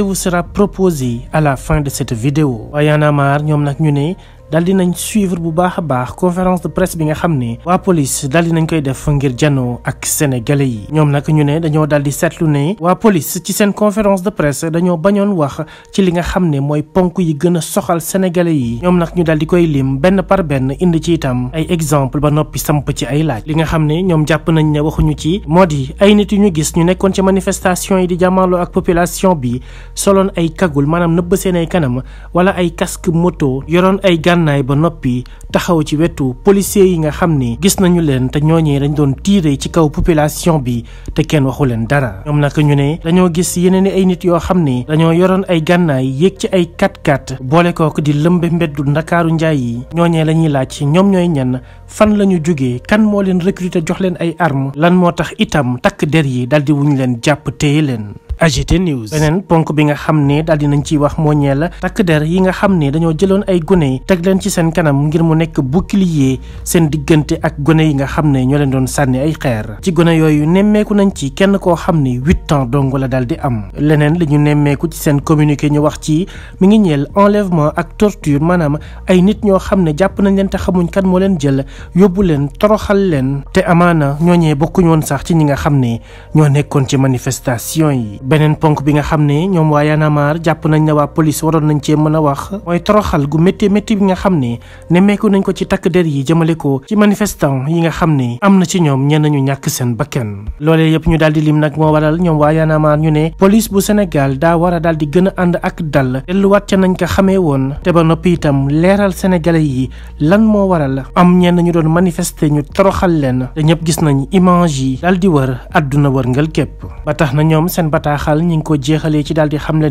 vous sera proposé à la fin de cette vidéo waaye Y en a marre ñoom nag ñu ne dal di nañ suivre bu baax a baax conférence de presse bi nga xam ne waa police dal di koy def ngir janoo ak sénégalais yi ñoom nag ñu ne dañoo dal di seetlu ne waa police ci seen conférence de presse dañoo bañoon wax ci li nga xam ne mooy ponk yi gën a soxal sénégalais yi ñoom nag ñu dal di koy lim benn par benn indi ci itam ay exemple ba noppi samp ci ay laaj li nga xam ne ñoom jàpp nañ ne waxuñu ci moo di ay nit yu ñu gis ñu nekkoon ci manifestation yi di jàmmaarloo ak population bi soloon ay kagul maanaam nëbb seen ay kanam wala ay casque moto yoroon ay ngànnaay ba noppi taxaw ci wetu policiers yi nga xam ni gis nañu leen te ñooñee dañ doon tiire ci kaw population bi te kenn waxu leen dara ñoom nag ñu ne dañoo gis yeneen i ay nit yoo xam ne dañoo yoroon ay gànnaay yéeg ci ay 4 x boole boole kook di lëmbe mbeddu ndakaaru njaay yi ñooñee la ñuy laaj ñoom ñooy ñan fan lañu ñu kan moo leen recruter jox leen ay armes lan moo tax itam takk der yi daldi wuñu leen jàpp téye leen AGT News beneen ponk bi nga xam ne daal dinañ ciy wax moo ñeel takk der yi nga xam ne dañoo jëloon ay gone teg leen ci seen kanam ngir mu nekk bouclier seen diggante ak gone yi nga xam ne ñoo leen doon sànni ay xeer ci gone yooyu nemmeeku nañ ci kenn koo xam ne huit ans dong la daal di am leneen li ñu nemmeeku ci seen communiqué ñu wax ci mu ngi ñeel enlèvement ak torture maanaam ay nit ñoo xam ne jàpp nañ leen te xamuñ kan moo leen jël yóbbu leen toroxal leen te amaana ñooñee bokkuñ woon sax ci ñi nga xam ne ñoo nekkoon ci manifestation yi beneen ponk bi nga xam ne ñoom waa Y'en jàpp nañ ne waa police waroon nañ cee mën a wax mooy toroxal gu métti métti bi nga xam ne nemmeeku nañ ko ci takk der yi jëmale ko ci manifestant yi nga xam ne am na ci ñoom ñenn ñu ñàkk seen bakkan loolee yëpp ñu daal di lim nag moo waral ñoom waa Y'en ñu ne police bu Sénégal daa war a daal di gën a ànd ak dal delluwaat ca nañ ko xamee woon te ba noppi itam leeral sénégalais yi lan moo waral am ñenn ñu doon manifester ñu toroxal leen ñëpp gis nañ image yi daal di wër àdduna wërngal képp ba tax na ñoom seen bata bataaxal ñi ngi ko jeexalee ci daal di xamle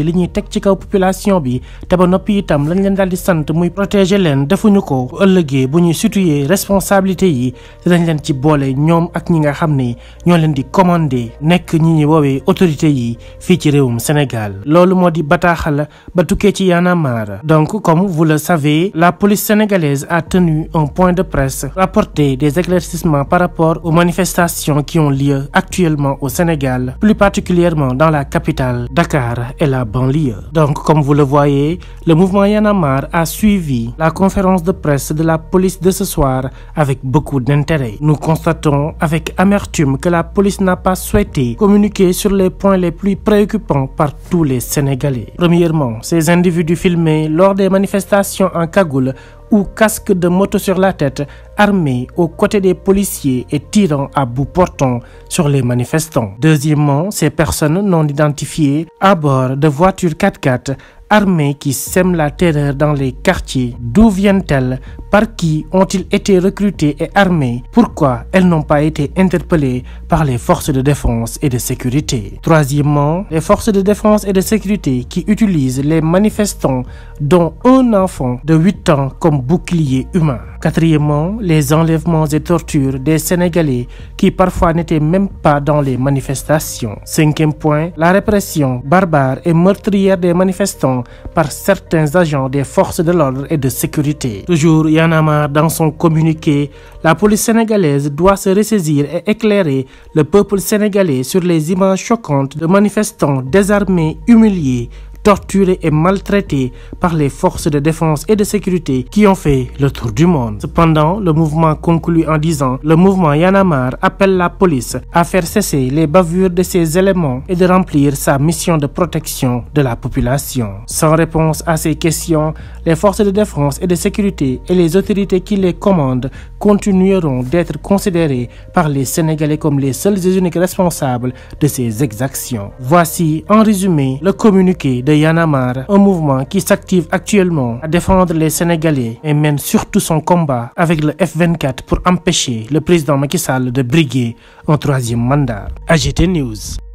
li ñuy teg ci kaw population bi te ba noppi itam lañ leen daal di sant muy protéger leen defuñu ko bu ëllëgee bu ñuy situer responsabilité yi dinañ leen ci boole ñoom ak ñi nga xam ne ñoo leen di commander nekk ñi ñuy woowee autorité yi fii ci réewum Sénégal loolu moo di bataaxal ba tukkee ci Y'en a marre donc comme vous le savez la police sénégalaise a tenu un point de presse rapporté des éclaircissements par rapport aux manifestations qui ont lieu actuellement au Sénégal, plus particulièrement dans la capitale, Dakar et la banlieue. Donc, comme vous le voyez, le mouvement Y a marre a suivi la conférence de presse de la police de ce soir avec beaucoup d'intérêt. Nous constatons avec amertume que la police n'a pas souhaité communiquer sur les points les plus préoccupants par tous les Sénégalais. Premièrement, ces individus filmés lors des manifestations en cagoule ou casque de moto sur la tête, armés aux côtés des policiers et tirant à bout porton sur les manifestants. Deuxièmement, ces personnes non identifiées à bord de voitures 4x4 armée qui sème la terreur dans les quartiers. D'où viennent-elles Par qui ont-ils été recrutés et armés Pourquoi elles n'ont pas été interpellées par les forces de défense et de sécurité Troisièmement, les forces de défense et de sécurité qui utilisent les manifestants, dont un enfant de 8 ans, comme bouclier humain. Quatrièmement, les enlèvements et tortures des Sénégalais qui parfois n'étaient même pas dans les manifestations. Cinquième point, la répression barbare et meurtrière des manifestants par certains agents des forces de l'ordre et de sécurité. Toujours Y'en a marre dans son communiqué, la police sénégalaise doit se ressaisir et éclairer le peuple sénégalais sur les images choquantes de manifestants désarmés, humiliés torturés et maltraités par les forces de défense et de sécurité qui ont fait le tour du monde. Cependant, le mouvement conclut en disant le mouvement Y en a marre appelle la police à faire cesser les bavures de ces éléments et de remplir sa mission de protection de la population. Sans réponse à ces questions, les forces de défense et de sécurité et les autorités qui les commandent continueront d'être considérées par les Sénégalais comme les seuls et uniques de ces exactions. Yanamar, un mouvement qui s'active actuellement à défendre les Sénégalais et mène surtout son combat avec le f pour empêcher le président Macky Sall de briguer un troisième mandat. AGT News.